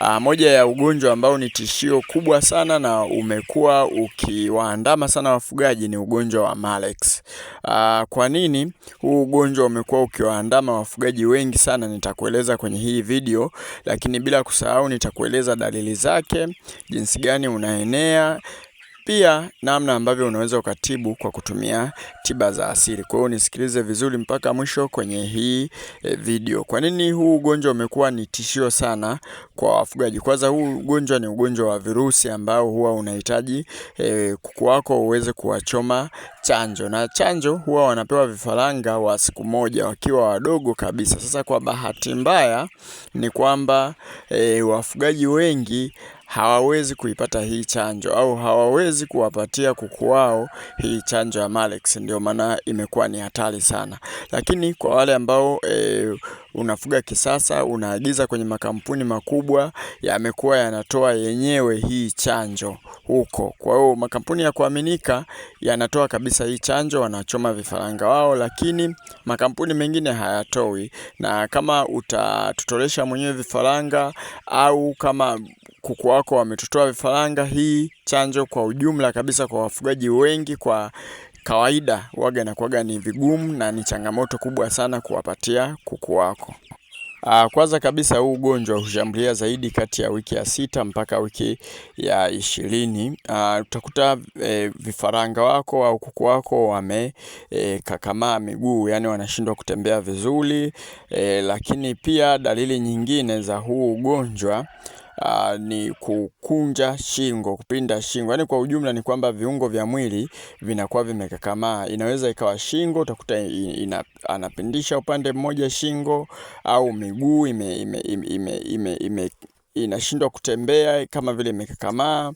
Uh, moja ya ugonjwa ambao ni tishio kubwa sana na umekuwa ukiwaandama sana wafugaji ni ugonjwa wa Malex. Uh, ah, kwa nini huu ugonjwa umekuwa ukiwaandama wafugaji wengi sana nitakueleza kwenye hii video, lakini bila kusahau nitakueleza dalili zake, jinsi gani unaenea pia namna ambavyo unaweza ukatibu kwa kutumia tiba za asili. Kwa hiyo nisikilize vizuri mpaka mwisho kwenye hii eh, video. Kwa nini huu ugonjwa umekuwa ni tishio sana kwa wafugaji? Kwanza, huu ugonjwa ni ugonjwa wa virusi ambao huwa unahitaji eh, kuku wako uweze kuwachoma chanjo, na chanjo huwa wanapewa vifaranga wa siku moja wakiwa wadogo kabisa. Sasa kwa bahati mbaya ni kwamba eh, wafugaji wengi hawawezi kuipata hii chanjo au hawawezi kuwapatia kuku wao hii chanjo ya Malex, ndio maana imekuwa ni hatari sana. Lakini kwa wale ambao e, unafuga kisasa, unaagiza kwenye makampuni makubwa, yamekuwa yanatoa yenyewe hii chanjo huko. Kwa hiyo makampuni ya kuaminika yanatoa kabisa hii chanjo, wanachoma vifaranga wao, lakini makampuni mengine hayatoi. Na kama utatutolesha mwenyewe vifaranga au kama kuku wako wametotoa vifaranga. Hii chanjo kwa ujumla kabisa kwa wafugaji wengi kwa kawaida waga na kuaga ni vigumu na ni changamoto kubwa sana kuwapatia kuku wako. Aa, ah, Kwanza kabisa huu ugonjwa hushambulia zaidi kati ya wiki ya sita mpaka wiki ya ishirini. Ah, utakuta e, vifaranga wako au kuku wako wamekakamaa e, miguu, yani wanashindwa kutembea vizuri e, lakini pia dalili nyingine za huu ugonjwa uh, ni kukunja shingo, kupinda shingo. Yaani kwa ujumla ni kwamba viungo vya mwili vinakuwa vimekakamaa. Inaweza ikawa shingo, utakuta ina, anapindisha upande mmoja shingo au miguu ime, ime, ime, ime, ime, inashindwa kutembea kama vile imekakamaa.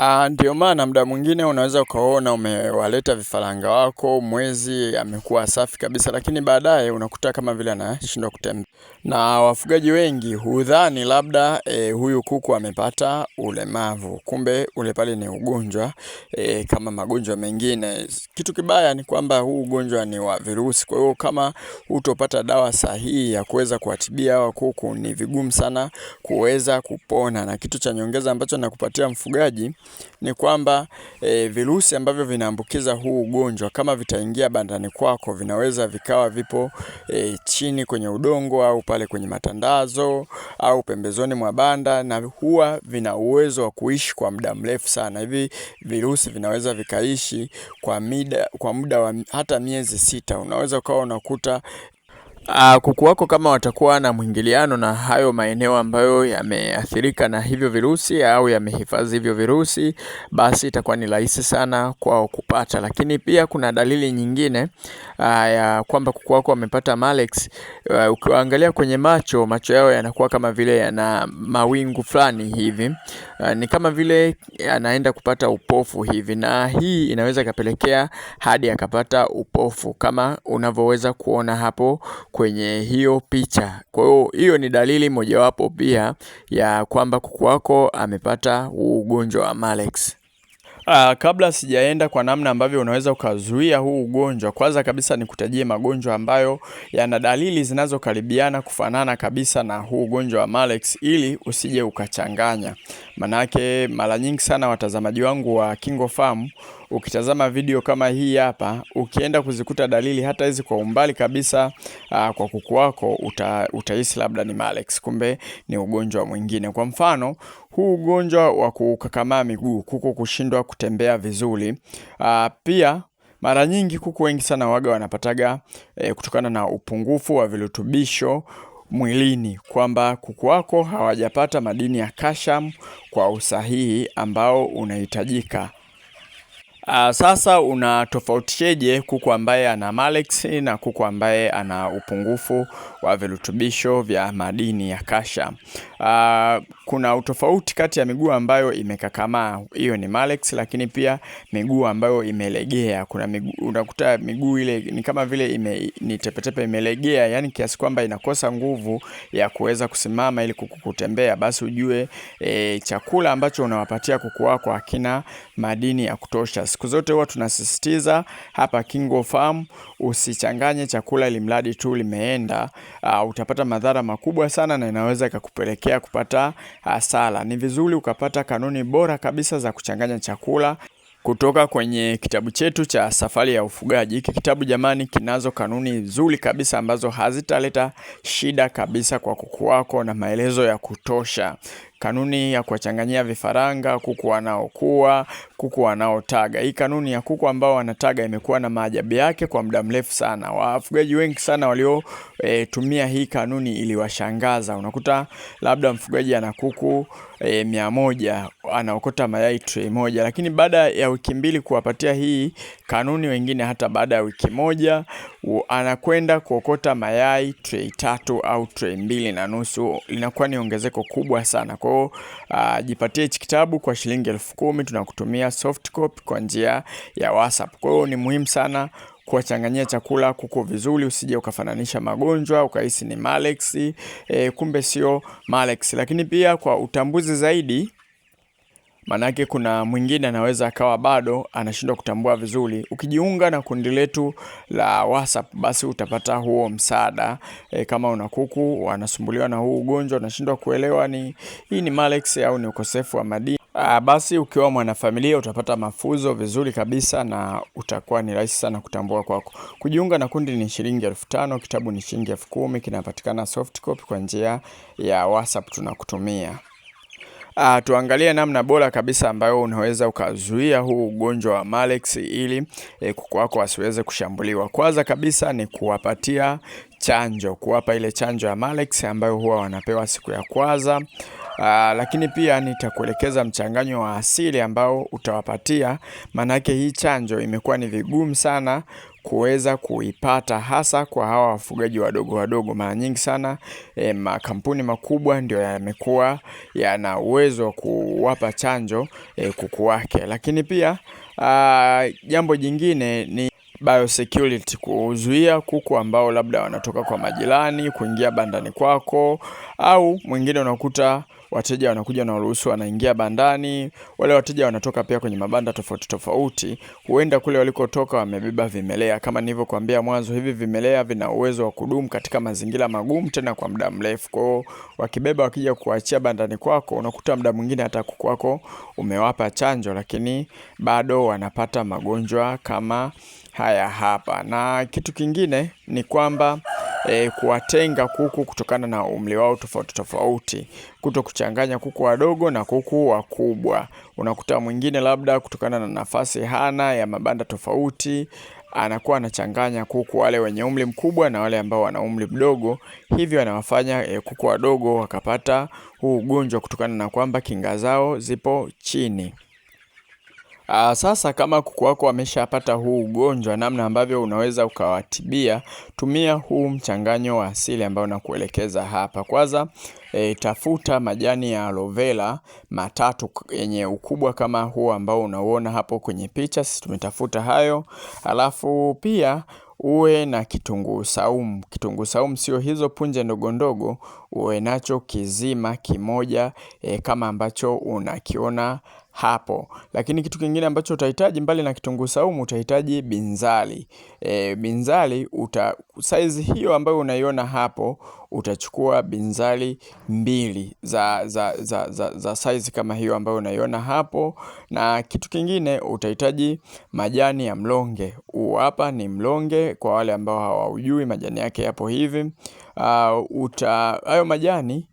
Ah, ndio maana muda mwingine unaweza ukaona umewaleta vifaranga wako mwezi amekuwa safi kabisa, lakini baadaye unakuta kama vile anashindwa kutembea na wafugaji wengi hudhani labda e, huyu kuku amepata ulemavu, kumbe ule pale ni ugonjwa e, kama magonjwa mengine. Kitu kibaya ni kwamba huu ugonjwa ni wa virusi, kwa hiyo kama hutopata dawa sahihi ya kuweza kuwatibia hawa kuku, ni vigumu sana kuweza kupona. Na kitu cha nyongeza ambacho nakupatia mfugaji ni kwamba e, virusi ambavyo vinaambukiza huu ugonjwa kama vitaingia bandani kwako, vinaweza vikawa vipo e, chini kwenye udongo au pale kwenye matandazo au pembezoni mwa banda, na huwa vina uwezo wa kuishi kwa muda mrefu sana. Hivi virusi vinaweza vikaishi kwa mida, kwa muda wa hata miezi sita. Unaweza ukawa unakuta Uh, kuku wako kama watakuwa na mwingiliano na hayo maeneo ambayo yameathirika na hivyo virusi au yamehifadhi hivyo virusi, basi itakuwa ni rahisi sana kwao kupata. Lakini pia kuna dalili nyingine Ah, ya kwamba kuku wako wamepata malex, uh, ukiangalia kwenye macho, macho yao yanakuwa kama vile yana mawingu fulani hivi, ah, ni kama vile anaenda kupata upofu hivi, na hii inaweza ikapelekea hadi akapata upofu kama unavyoweza kuona hapo kwenye hiyo picha. Kwa hiyo hiyo ni dalili mojawapo pia ya kwamba kuku wako amepata ugonjwa wa malex. Uh, kabla sijaenda kwa namna ambavyo unaweza ukazuia huu ugonjwa, kwanza kabisa nikutajie magonjwa ambayo yana dalili zinazokaribiana kufanana kabisa na huu ugonjwa wa Malex ili usije ukachanganya. Manake mara nyingi sana watazamaji wangu wa Kingo Farm, ukitazama video kama hii hapa, ukienda kuzikuta dalili hata hizi kwa umbali kabisa aa, ah, kwa kuku wako uta, utahisi labda ni Malex, kumbe ni ugonjwa mwingine. Kwa mfano huu ugonjwa wa kukakamaa miguu, kuku kushindwa kutembea vizuri aa, ah, pia mara nyingi kuku wengi sana waga wanapataga e, kutokana na upungufu wa virutubisho mwilini kwamba kuku wako hawajapata madini ya calcium kwa usahihi ambao unahitajika. Uh, sasa unatofautisheje kuku ambaye ana malex na kuku ambaye ana upungufu wa virutubisho vya madini ya calcium? uh, kuna utofauti kati ya miguu ambayo imekakamaa, hiyo ni malex, lakini pia miguu ambayo imelegea. Kuna miguu unakuta miguu ile ni kama vile ime, ni tepetepe imelegea, yani kiasi kwamba inakosa nguvu ya kuweza kusimama ili kuku kutembea, basi ujue e, chakula ambacho unawapatia kuku wako hakina madini ya kutosha. Siku zote huwa tunasisitiza hapa Kingo Farm usichanganye chakula ilimradi tu limeenda, uh, utapata madhara makubwa sana na inaweza ikakupelekea kupelekea kupata hasara. Ah, Ni vizuri ukapata kanuni bora kabisa za kuchanganya chakula kutoka kwenye kitabu chetu cha Safari ya Ufugaji. Hiki kitabu jamani, kinazo kanuni nzuri kabisa ambazo hazitaleta shida kabisa kwa kuku wako na maelezo ya kutosha kanuni ya kuwachanganyia vifaranga kuku wanaokuwa, kuku wanaotaga. Hii kanuni ya kuku ambao wanataga imekuwa na maajabu yake kwa muda mrefu sana. Wafugaji wengi sana waliotumia e, hii kanuni iliwashangaza. Unakuta labda mfugaji ana kuku e, mia moja anaokota mayai tray moja, lakini baada ya wiki mbili kuwapatia hii kanuni, wengine hata baada ya wiki moja anakwenda kuokota mayai trei tatu au trei mbili na nusu. Linakuwa ni ongezeko kubwa sana. Kwa hiyo uh, jipatie hichi kitabu kwa shilingi elfu kumi tunakutumia soft copy kwa njia ya WhatsApp. Kwa hiyo ni muhimu sana kuwachanganyia chakula kuku vizuri, usije ukafananisha magonjwa ukahisi ni malex e, kumbe sio malex. Lakini pia kwa utambuzi zaidi Maanake kuna mwingine anaweza akawa bado anashindwa kutambua vizuri. Ukijiunga na kundi letu la WhatsApp, basi utapata huo msaada e, kama una kuku wanasumbuliwa na huu ugonjwa, unashindwa kuelewa ni hii ni malex au ni ukosefu wa madini A, basi ukiwa mwanafamilia utapata mafunzo vizuri kabisa na utakuwa ni rahisi sana kutambua kwako. Kujiunga na kundi ni shilingi elfu tano, kitabu ni shilingi elfu kumi, kinapatikana soft copy kwa njia ya WhatsApp tunakutumia. Uh, tuangalie namna bora kabisa ambayo unaweza ukazuia huu ugonjwa wa malex ili eh, kuku wako wasiweze kushambuliwa. Kwanza kabisa ni kuwapatia chanjo, kuwapa ile chanjo ya malex ambayo huwa wanapewa siku ya kwanza Aa, ah, lakini pia nitakuelekeza mchanganyo wa asili ambao utawapatia, maanake hii chanjo imekuwa ni vigumu sana kuweza kuipata hasa kwa hawa wafugaji wadogo wadogo. Mara nyingi sana e, makampuni makubwa ndio yamekuwa yana uwezo wa kuwapa chanjo e, kuku wake, lakini pia aa, ah, jambo jingine ni biosecurity kuzuia kuku ambao labda wanatoka kwa majirani kuingia bandani kwako, au mwingine unakuta wateja wanakuja na ruhusa, wanaingia bandani. Wale wateja wanatoka pia kwenye mabanda tofauti tofauti, huenda kule walikotoka wamebeba vimelea. Kama nilivyokuambia mwanzo, hivi vimelea vina uwezo wa kudumu katika mazingira magumu tena kwa muda mrefu. kwao wakibeba, wakija kuachia bandani kwako, unakuta muda mwingine hata kuku wako umewapa chanjo, lakini bado wanapata magonjwa kama haya hapa. Na kitu kingine ni kwamba e, kuwatenga kuku kutokana na umri wao tofauti tofauti, kuto kuchanganya kuku wadogo na kuku wakubwa. Unakuta mwingine labda kutokana na nafasi hana ya mabanda tofauti anakuwa anachanganya kuku wale wenye umri mkubwa na wale ambao wana umri mdogo, hivyo anawafanya e, kuku wadogo wakapata huu ugonjwa kutokana na kwamba kinga zao zipo chini. Aa, ah, sasa kama kuku wako ameshapata huu ugonjwa, namna ambavyo unaweza ukawatibia, tumia huu mchanganyo wa asili ambao nakuelekeza hapa. Kwanza e, tafuta majani ya aloe vera matatu yenye ukubwa kama huu ambao unauona hapo kwenye picha, sisi tumetafuta hayo, alafu pia uwe na kitunguu saumu. Kitunguu saumu sio hizo punje ndogo ndogo, uwe nacho kizima kimoja e, kama ambacho unakiona hapo. Lakini kitu kingine ambacho utahitaji mbali na kitunguu saumu utahitaji binzali. E, binzali uta size hiyo ambayo unaiona hapo utachukua binzali mbili za, za, za, za, za size kama hiyo ambayo unaiona hapo. Na kitu kingine utahitaji majani ya mlonge. Huu hapa ni mlonge kwa wale ambao hawaujui, majani yake yapo hivi. Uh, uta hayo majani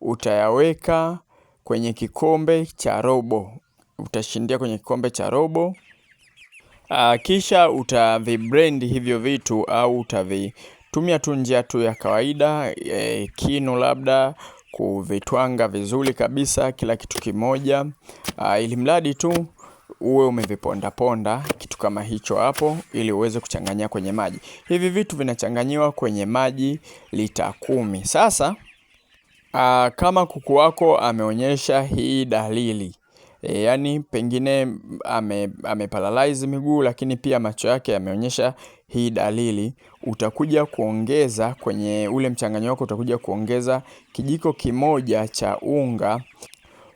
utayaweka kwenye kikombe cha robo utashindia kwenye kikombe cha robo. Uh, kisha utavibrand hivyo vitu au utavitumia tu njia tu ya kawaida e, kinu labda kuvitwanga vizuri kabisa kila kitu kimoja, uh, ili mradi tu uwe umevipondaponda kitu kama hicho hapo, ili uweze kuchanganya kwenye maji. Hivi vitu vinachanganyiwa kwenye maji lita kumi. Sasa aa, ah, kama kuku wako ameonyesha hii dalili e, yani pengine ame, ameparalyze miguu lakini pia macho yake yameonyesha hii dalili, utakuja kuongeza kwenye ule mchanganyo wako, utakuja kuongeza kijiko kimoja cha unga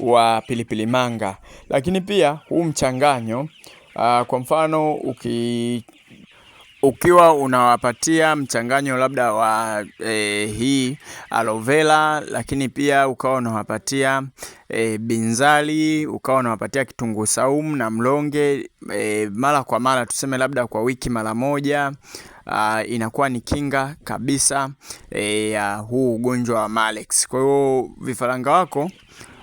wa pilipili manga. Lakini pia huu mchanganyo Uh, kwa mfano uki ukiwa unawapatia mchanganyo labda wa e, hii aloe vera, lakini pia ukawa unawapatia e, binzali, ukawa unawapatia kitunguu saumu na mlonge e, mara kwa mara, tuseme labda kwa wiki mara moja. Uh, inakuwa ni kinga kabisa e, ya e, uh, huu ugonjwa wa Malex. Kwa hiyo vifaranga wako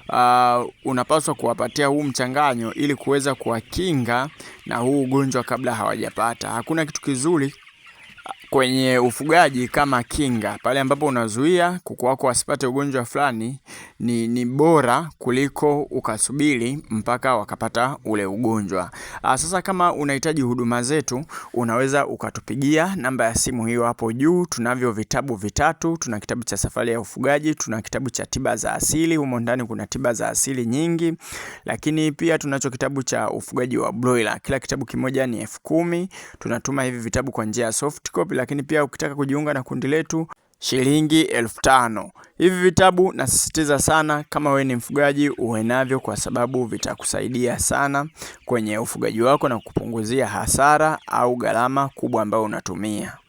uh, unapaswa kuwapatia huu mchanganyo ili kuweza kuwakinga na huu ugonjwa kabla hawajapata. Hakuna kitu kizuri kwenye ufugaji kama kinga, pale ambapo unazuia kuku wako wasipate ugonjwa fulani, ni, ni bora kuliko ukasubiri mpaka wakapata ule ugonjwa. Ah, sasa kama unahitaji huduma zetu, unaweza ukatupigia namba ya simu hiyo hapo juu. Tunavyo vitabu vitatu, tuna kitabu cha safari ya ufugaji, tuna kitabu cha tiba za asili, humo ndani kuna tiba za asili nyingi, lakini pia tunacho kitabu cha ufugaji wa broiler. Kila kitabu kimoja ni elfu kumi. Tunatuma hivi vitabu kwa njia ya soft copy lakini pia ukitaka kujiunga na kundi letu shilingi elfu tano. Hivi vitabu nasisitiza sana, kama wewe ni mfugaji uwe navyo, kwa sababu vitakusaidia sana kwenye ufugaji wako na kupunguzia hasara au gharama kubwa ambayo unatumia.